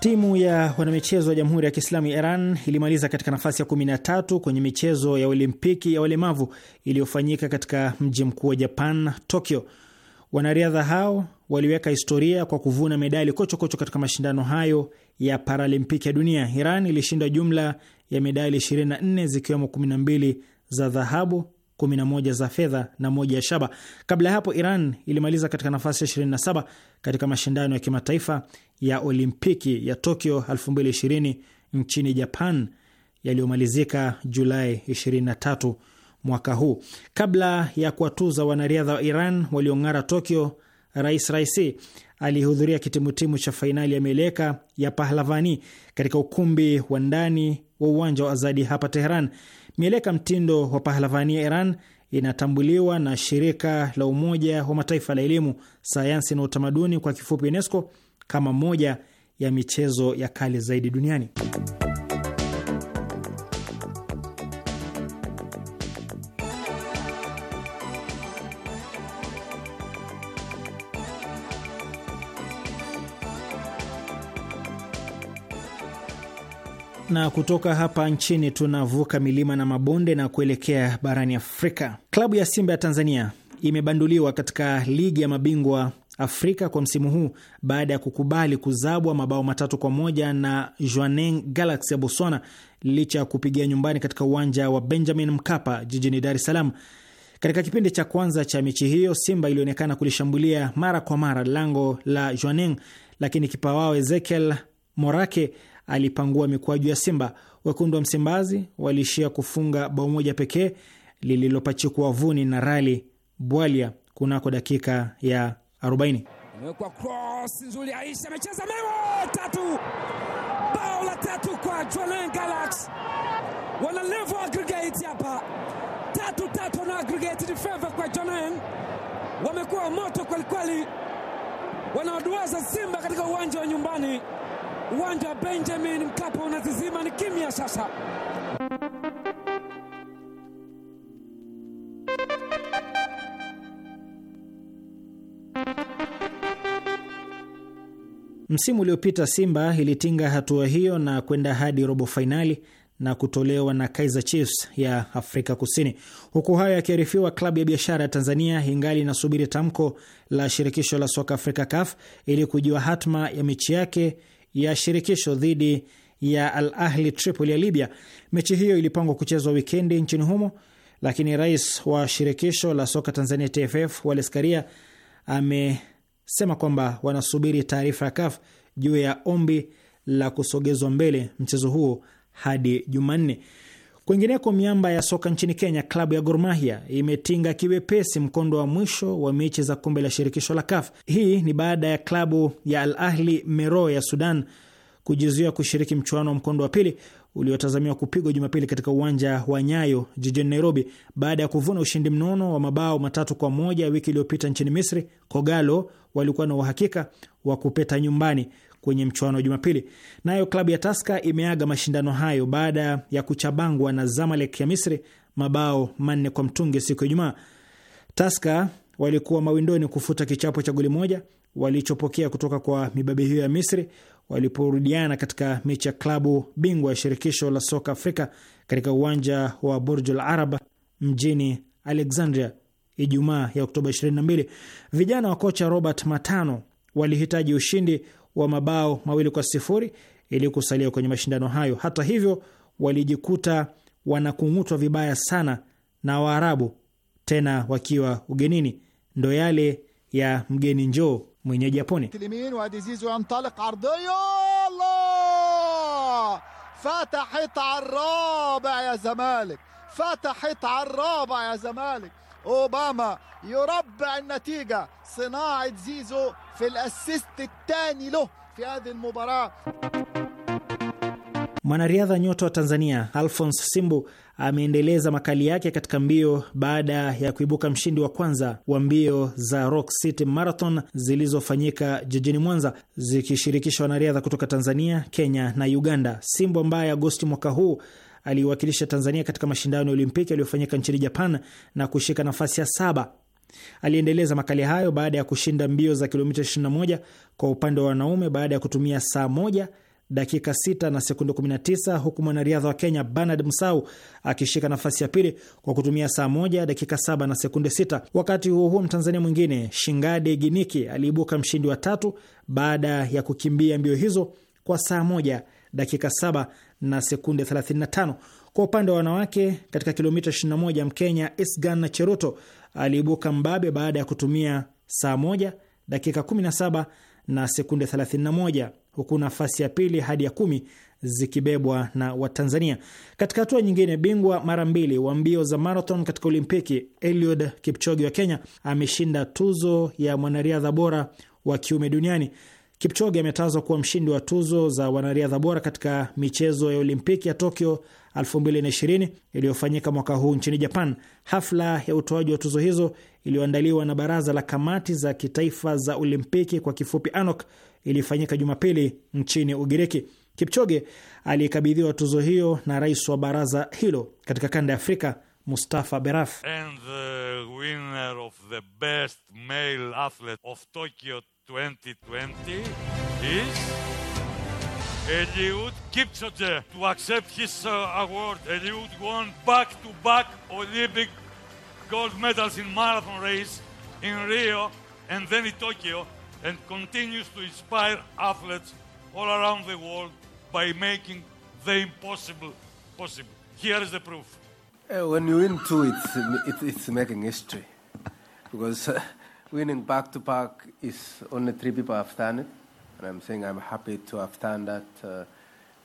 Timu ya wanamichezo ya Jamhuri ya Kiislamu ya Iran ilimaliza katika nafasi ya 13 kwenye michezo ya Olimpiki ya walemavu iliyofanyika katika mji mkuu wa Japan, Tokyo. Wanariadha hao waliweka historia kwa kuvuna medali kochokocho kocho katika mashindano hayo ya Paralimpiki ya dunia. Iran ilishinda jumla ya medali 24 zikiwemo 12 za dhahabu 11 za fedha na moja ya shaba. Kabla ya hapo, Iran ilimaliza katika nafasi ya 27 katika mashindano ya kimataifa ya Olimpiki ya Tokyo 2020 nchini Japan yaliyomalizika Julai 23 mwaka huu. Kabla ya kuwatuza wanariadha wa Iran waliong'ara Tokyo, Rais Raisi alihudhuria kitimutimu cha fainali ya meleka ya Pahlavani katika ukumbi wa ndani wa uwanja wa Azadi hapa Teheran. Mieleka mtindo wa ya Iran inatambuliwa na shirika la Umoja wa Mataifa la elimu, sayansi na utamaduni, kwa kifupi UNESCO, kama moja ya michezo ya kale zaidi duniani. Na kutoka hapa nchini tunavuka milima na mabonde na kuelekea barani Afrika. Klabu ya Simba ya Tanzania imebanduliwa katika ligi ya mabingwa Afrika kwa msimu huu baada ya kukubali kuzabwa mabao matatu kwa moja na Jwaneng Galaxy ya Botswana licha ya kupigia nyumbani katika uwanja wa Benjamin Mkapa jijini Dar es Salaam. Katika kipindi cha kwanza cha mechi hiyo, Simba ilionekana kulishambulia mara kwa mara lango la Jwaneng, lakini kipa wao Ezekiel Morake alipangua mikwaju ya Simba. Wekundu wa Msimbazi waliishia kufunga bao moja pekee lililopachikwa vuni na Rali Bwalia kunako dakika ya 40. Imewekwa cross nzuri, Aisha amecheza mewa tatu, bao la tatu kwa Jwaneng Galaxy, wana level aggregate hapa tatu tatu, na aggregate ni favor kwa Jwaneng, wamekuwa moto kwelikweli, wanaoduaza Simba katika uwanja wa nyumbani uwanja wa Benjamin Mkapa unazizima, ni kimya sasa. Msimu uliopita Simba ilitinga hatua hiyo na kwenda hadi robo fainali na kutolewa na Kaizer Chiefs ya Afrika Kusini. Huku hayo yakiarifiwa, klabu ya biashara ya Tanzania ingali inasubiri tamko la shirikisho la soka Afrika CAF ili kujua hatma ya mechi yake ya shirikisho dhidi ya Al Ahli Tripoli ya Libya. Mechi hiyo ilipangwa kuchezwa wikendi nchini humo, lakini rais wa shirikisho la soka Tanzania TFF Wallace Karia amesema kwamba wanasubiri taarifa ya CAF juu ya ombi la kusogezwa mbele mchezo huo hadi Jumanne. Kwingineko, miamba ya soka nchini Kenya, klabu ya Gor Mahia imetinga kiwepesi mkondo wa mwisho wa mechi za kombe la shirikisho la CAF. Hii ni baada ya klabu ya Al Ahli Mero ya Sudan kujizuia kushiriki mchuano wa mkondo wa pili uliotazamiwa kupigwa Jumapili katika uwanja wa Nyayo jijini Nairobi, baada ya kuvuna ushindi mnono wa mabao matatu kwa moja wiki iliyopita nchini Misri. Kogalo walikuwa na uhakika wa kupeta nyumbani kwenye mchuano wa Jumapili. Nayo klabu ya Taska imeaga mashindano hayo baada ya kuchabangwa na Zamalek ya Misri mabao manne kwa mtungi siku ya Ijumaa. Taska walikuwa mawindoni kufuta kichapo cha goli moja walichopokea kutoka kwa mibabe hiyo ya Misri waliporudiana katika mechi ya klabu bingwa ya shirikisho la soka Afrika katika uwanja wa Burjul Arab mjini Alexandria Ijumaa ya Oktoba 22. Vijana wa kocha Robert Matano walihitaji ushindi wa mabao mawili kwa sifuri ili kusalia kwenye mashindano hayo. Hata hivyo, walijikuta wanakung'utwa vibaya sana na Waarabu, tena wakiwa ugenini. Ndo yale ya mgeni njoo mwenyeji Japoni. اوباما يربع النتيجه صناعه زيزو في الاسيست الثاني له في هذه المباراه Mwanariadha nyota wa Tanzania Alfons Simbu ameendeleza makali yake katika mbio baada ya kuibuka mshindi wa kwanza wa mbio za Rock City Marathon zilizofanyika jijini Mwanza zikishirikisha wanariadha kutoka Tanzania, Kenya na Uganda. Simbu ambaye Agosti mwaka huu aliiwakilisha Tanzania katika mashindano ya Olimpiki yaliyofanyika nchini Japan na kushika nafasi ya saba. Aliendeleza makali hayo baada ya kushinda mbio za kilomita 21 kwa upande wa wanaume baada ya kutumia saa moja dakika 6 na sekunde 19, huku mwanariadha wa Kenya Bernard Msau akishika nafasi ya pili kwa kutumia saa moja dakika saba na sekunde sita. Wakati huo huo, Mtanzania mwingine Shingade Giniki aliibuka mshindi wa tatu baada ya kukimbia mbio hizo kwa saa moja dakika saba na sekunde 35. Kwa upande wa wanawake, katika kilomita 21, Mkenya Isgan Cheruto aliibuka mbabe baada ya kutumia saa 1 dakika 17 na sekunde 31, huku nafasi ya pili hadi ya kumi zikibebwa na Watanzania. Katika hatua nyingine, bingwa mara mbili wa mbio za marathon katika Olimpiki Eliud Kipchoge wa Kenya ameshinda tuzo ya mwanariadha bora wa kiume duniani. Kipchoge ametazwa kuwa mshindi wa tuzo za wanariadha bora katika michezo ya Olimpiki ya Tokyo 2020 iliyofanyika mwaka huu nchini Japan. Hafla ya utoaji wa tuzo hizo iliyoandaliwa na Baraza la Kamati za Kitaifa za Olimpiki kwa kifupi ANOC ilifanyika Jumapili nchini Ugiriki. Kipchoge aliyekabidhiwa tuzo hiyo na rais wa baraza hilo katika kanda ya Afrika Mustafa Beraf. And the winner of the best male athlete of Tokyo 2020 is Eliud Kipchoge to accept his uh, award. Eliud won back-to-back Olympic gold medals in marathon race in Rio and then in Tokyo and continues to inspire athletes all around the world by making the impossible possible. Here is the proof. Uh, when you win two, it's, it's making history because uh, winning back to back is only three people have done it, and I'm saying I'm happy to have done that uh,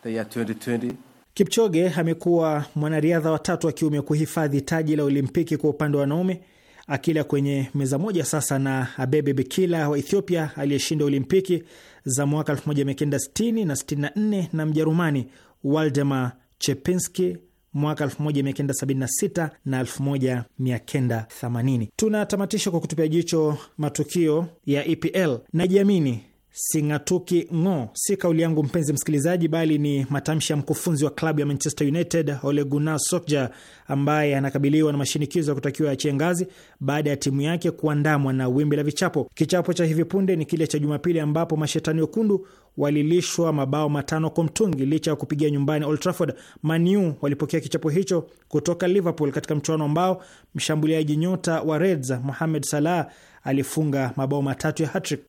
the year 2020. Kipchoge amekuwa mwanariadha wa tatu wa kiume kuhifadhi taji la Olimpiki kwa upande wa wanaume akila kwenye meza moja sasa na Abebe Bikila wa Ethiopia aliyeshinda Olimpiki za mwaka 1960 na 64 na Mjerumani Waldemar Chepinski mwaka 1976 na 1980. Tunatamatisha kwa kutupia jicho matukio ya EPL. Najiamini Singatuki ng'o, si kauli yangu mpenzi msikilizaji, bali ni matamshi ya mkufunzi wa klabu ya Manchester United Ole Gunnar Solskjaer ambaye anakabiliwa na mashinikizo ya kutakiwa achie ngazi baada ya timu yake kuandamwa na wimbi la vichapo. Kichapo cha hivi punde ni kile cha Jumapili ambapo mashetani wekundu walilishwa mabao matano kwa mtungi licha ya kupigia nyumbani Old Trafford. Manu walipokea kichapo hicho kutoka Liverpool katika mchuano ambao mshambuliaji nyota wa Reds Mohamed Salah alifunga mabao matatu ya hattrick.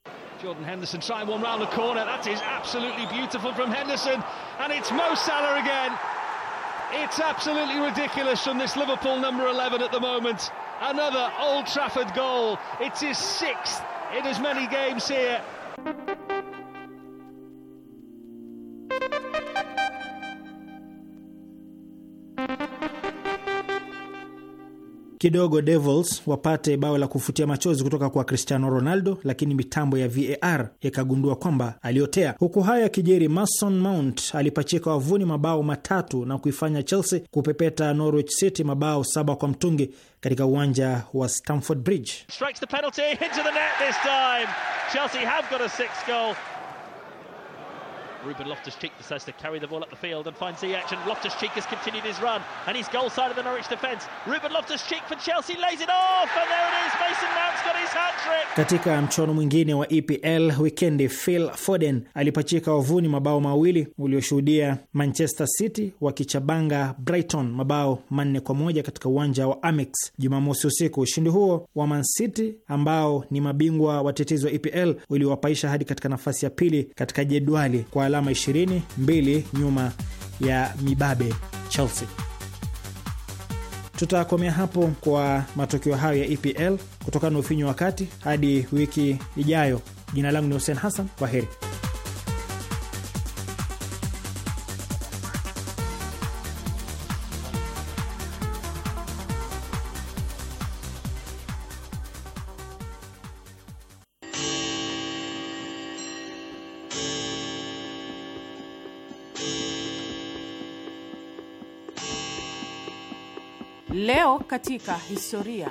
Jordan Henderson trying one round the corner. That is absolutely beautiful from Henderson. And it's Mo Salah again. It's absolutely ridiculous from this Liverpool number 11 at the moment. Another Old Trafford goal. It's his sixth in as many games here. kidogo Devils wapate bao la kufutia machozi kutoka kwa Cristiano Ronaldo, lakini mitambo ya VAR ikagundua kwamba aliotea. Huku hayo yakijiri, Mason Mount alipachika wavuni mabao matatu na kuifanya Chelsea kupepeta Norwich City mabao saba kwa mtungi katika uwanja wa Stamford Bridge. Ruben Loftus-Cheek decides to carry the ball up the field and finds the action. Loftus-Cheek has continued his run and he's goal side of the Norwich defence. Ruben Loftus-Cheek for Chelsea lays it off and there it is. Mason Mount's got his hat-trick. Katika mchuano mwingine wa EPL wikendi, Phil Foden alipachika wavuni mabao mawili ulioshuhudia Manchester City wakichabanga Brighton mabao manne kwa moja katika uwanja wa Amex Jumamosi usiku. Ushindi huo wa Man City ambao ni mabingwa watetezi wa EPL uliwapaisha hadi katika nafasi ya pili katika jedwali kwa alama 20, mbili nyuma ya mibabe Chelsea. Tutakomea hapo kwa matokeo hayo ya EPL kutokana na ufinyu wa wakati. Hadi wiki ijayo, jina langu ni Hussein Hassan, kwa heri. Leo katika historia.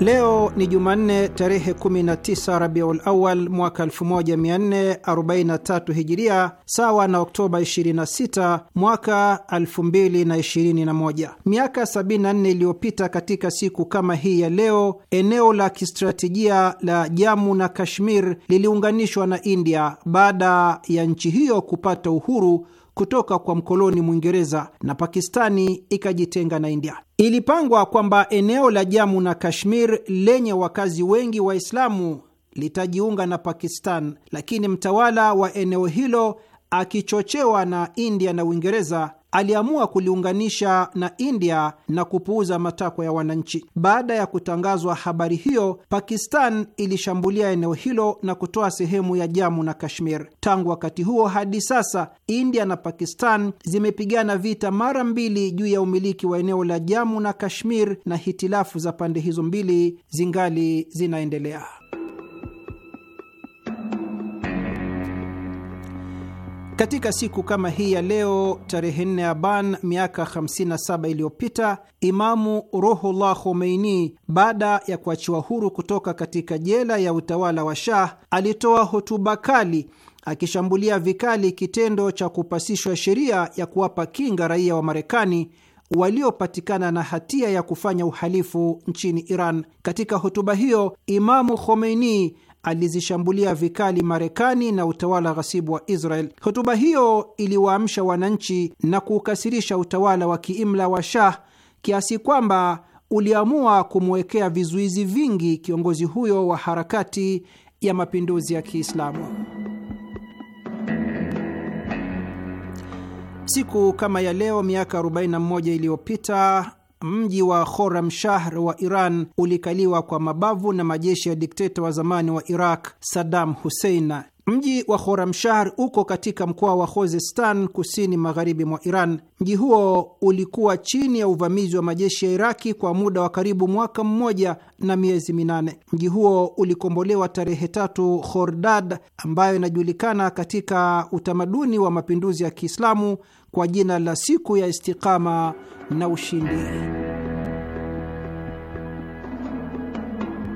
Leo ni Jumanne tarehe 19 Rabiul Awal mwaka 1443 Hijiria, sawa na Oktoba 26 mwaka 2021. Miaka 74 iliyopita katika siku kama hii ya leo, eneo la kistratejia la Jamu na Kashmir liliunganishwa na India baada ya nchi hiyo kupata uhuru kutoka kwa mkoloni Mwingereza na Pakistani ikajitenga na India. Ilipangwa kwamba eneo la Jamu na Kashmir lenye wakazi wengi Waislamu litajiunga na Pakistan, lakini mtawala wa eneo hilo akichochewa na India na Uingereza aliamua kuliunganisha na India na kupuuza matakwa ya wananchi. Baada ya kutangazwa habari hiyo, Pakistan ilishambulia eneo hilo na kutoa sehemu ya Jamu na Kashmir. Tangu wakati huo hadi sasa, India na Pakistan zimepigana vita mara mbili juu ya umiliki wa eneo la Jamu na Kashmir, na hitilafu za pande hizo mbili zingali zinaendelea. Katika siku kama hii ya leo tarehe 4 Aban miaka 57 iliyopita, Imamu Ruhullah Khomeini, baada ya kuachiwa huru kutoka katika jela ya utawala wa Shah, alitoa hotuba kali akishambulia vikali kitendo cha kupasishwa sheria ya kuwapa kinga raia wa Marekani waliopatikana na hatia ya kufanya uhalifu nchini Iran. Katika hotuba hiyo, Imamu Khomeini alizishambulia vikali Marekani na utawala ghasibu wa Israel. Hotuba hiyo iliwaamsha wananchi na kuukasirisha utawala wa kiimla wa Shah kiasi kwamba uliamua kumwekea vizuizi vingi kiongozi huyo wa harakati ya mapinduzi ya Kiislamu. Siku kama ya leo miaka 41 iliyopita mji wa Khorramshahr wa Iran ulikaliwa kwa mabavu na majeshi ya dikteta wa zamani wa Iraq, Saddam Hussein. Mji wa Khorramshahr uko katika mkoa wa Khuzestan kusini magharibi mwa Iran. Mji huo ulikuwa chini ya uvamizi wa majeshi ya Iraki kwa muda wa karibu mwaka mmoja na miezi minane. Mji huo ulikombolewa tarehe tatu Khordad, ambayo inajulikana katika utamaduni wa mapinduzi ya Kiislamu kwa jina la siku ya Istikama na ushindi.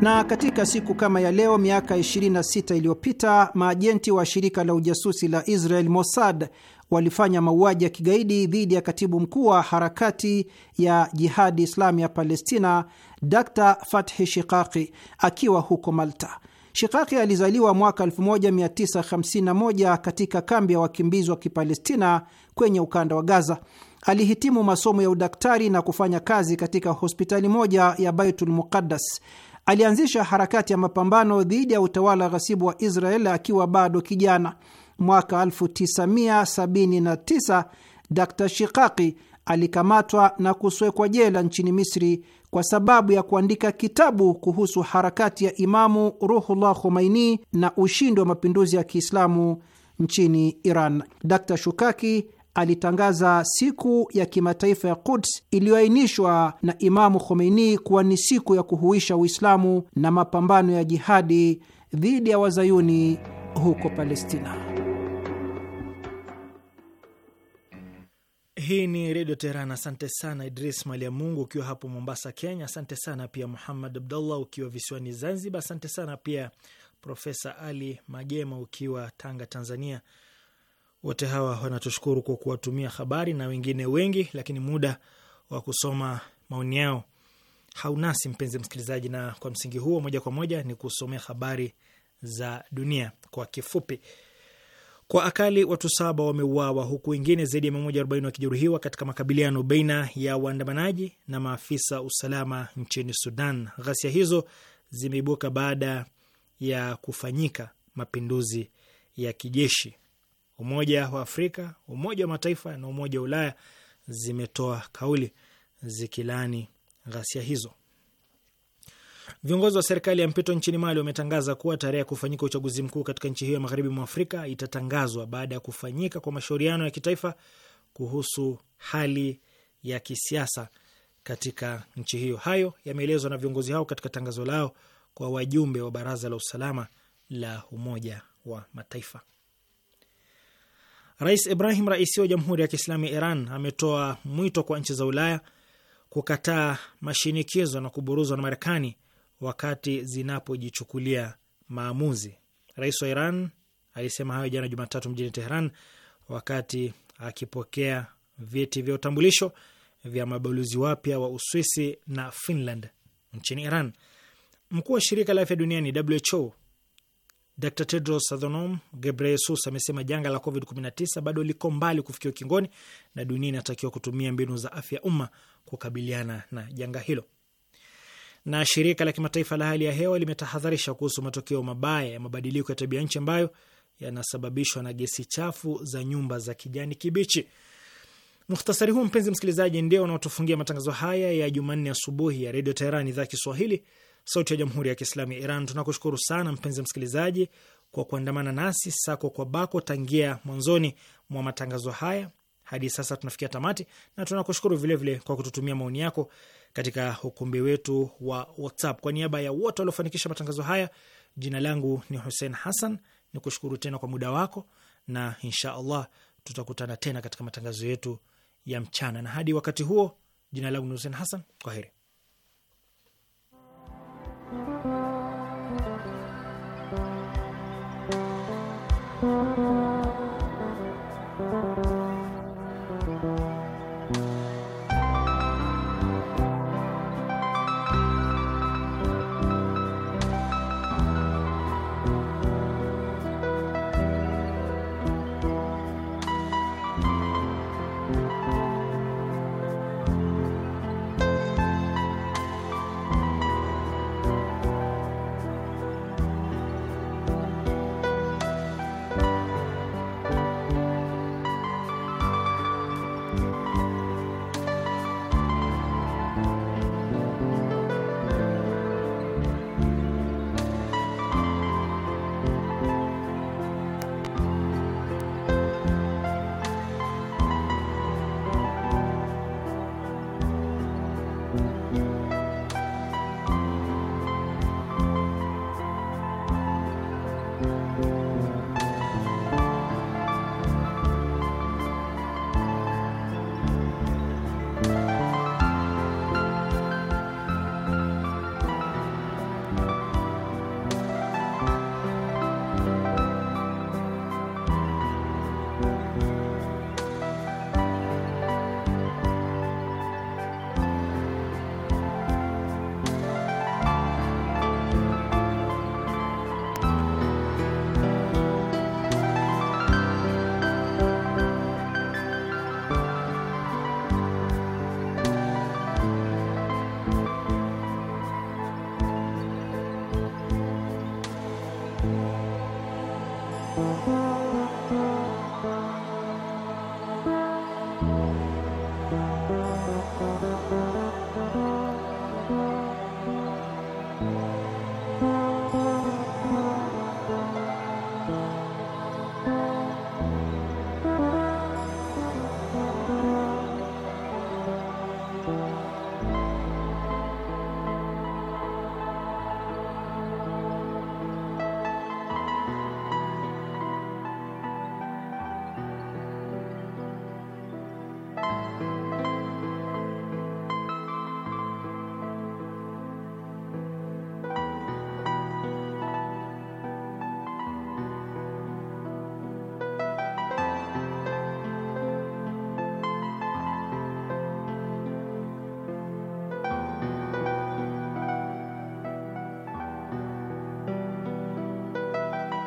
Na katika siku kama ya leo miaka 26 iliyopita maajenti wa shirika la ujasusi la Israel Mossad walifanya mauaji ya kigaidi dhidi ya katibu mkuu wa harakati ya Jihadi Islami ya Palestina, Dr Fathi Shikaki akiwa huko Malta. Shikaki alizaliwa mwaka 1951 katika kambi ya wakimbizi wa Kipalestina kwenye ukanda wa Gaza. Alihitimu masomo ya udaktari na kufanya kazi katika hospitali moja ya Baitul Muqaddas. Alianzisha harakati ya mapambano dhidi ya utawala ghasibu wa Israel akiwa bado kijana. Mwaka 1979 Dr Shikaki alikamatwa na kuswekwa jela nchini Misri kwa sababu ya kuandika kitabu kuhusu harakati ya Imamu Ruhullah Khomeini na ushindi wa mapinduzi ya Kiislamu nchini Iran. Dr Shukaki alitangaza siku ya kimataifa ya Quds iliyoainishwa na Imamu Khomeini kuwa ni siku ya kuhuisha Uislamu na mapambano ya jihadi dhidi ya wazayuni huko Palestina. Hii ni Redio Teheran. Asante sana Idris Malia Mungu ukiwa hapo Mombasa, Kenya. Asante sana pia Muhammad Abdullah ukiwa visiwani Zanzibar. Asante sana pia Profesa Ali Magema ukiwa Tanga, Tanzania. Wote hawa wanatushukuru kwa kuwatumia habari na wengine wengi, lakini muda wa kusoma maoni yao haunasi, mpenzi msikilizaji, na kwa msingi huo moja kwa moja ni kusomea habari za dunia kwa kifupi. Kwa akali watu saba wameuawa huku wengine zaidi ya arobaini wakijeruhiwa katika makabiliano baina ya waandamanaji na maafisa usalama nchini Sudan. Ghasia hizo zimeibuka baada ya kufanyika mapinduzi ya kijeshi. Umoja wa Afrika, Umoja wa Mataifa na Umoja wa Ulaya zimetoa kauli zikilani ghasia hizo. Viongozi wa serikali ya mpito nchini Mali wametangaza kuwa tarehe ya kufanyika uchaguzi mkuu katika nchi hiyo ya magharibi mwa Afrika itatangazwa baada ya kufanyika kwa mashauriano ya kitaifa kuhusu hali ya kisiasa katika nchi hiyo. Hayo yameelezwa na viongozi hao katika tangazo lao kwa wajumbe wa Baraza la Usalama la Umoja wa Mataifa. Rais Ibrahim Raisi wa Jamhuri ya Kiislamu ya Iran ametoa mwito kwa nchi za Ulaya kukataa mashinikizo na kuburuzwa na Marekani wakati zinapojichukulia maamuzi. Rais wa Iran alisema hayo jana Jumatatu mjini Teheran wakati akipokea vyeti vya utambulisho vya mabalozi wapya wa Uswisi na Finland nchini Iran. Mkuu wa shirika la afya duniani WHO Dr Tedros Adhanom Ghebreyesus amesema janga la COVID-19 bado liko mbali kufikia ukingoni na dunia inatakiwa kutumia mbinu za afya umma kukabiliana na janga hilo. Na shirika la kimataifa la hali ya hewa limetahadharisha kuhusu matokeo mabaya ya mabadiliko ya tabia nchi ambayo yanasababishwa na gesi chafu za nyumba za kijani kibichi. Mukhtasari huu mpenzi msikilizaji, ndio unaotufungia matangazo haya ya Jumanne asubuhi ya redio Teheran, idhaa Kiswahili sauti ya jamhuri ya kiislamu ya Iran. Tunakushukuru sana mpenzi msikilizaji kwa kuandamana nasi sako kwa bako tangia mwanzoni mwa matangazo haya hadi sasa tunafikia tamati, na tunakushukuru vilevile kwa kututumia maoni yako katika ukumbi wetu wa WhatsApp. Kwa niaba ya wote waliofanikisha matangazo haya, jina langu ni Hussein Hassan, ni kushukuru tena kwa muda wako, na insha Allah tutakutana tena katika matangazo yetu ya mchana, na hadi wakati huo, jina langu ni Hussein Hassan, kwa heri. Thank you.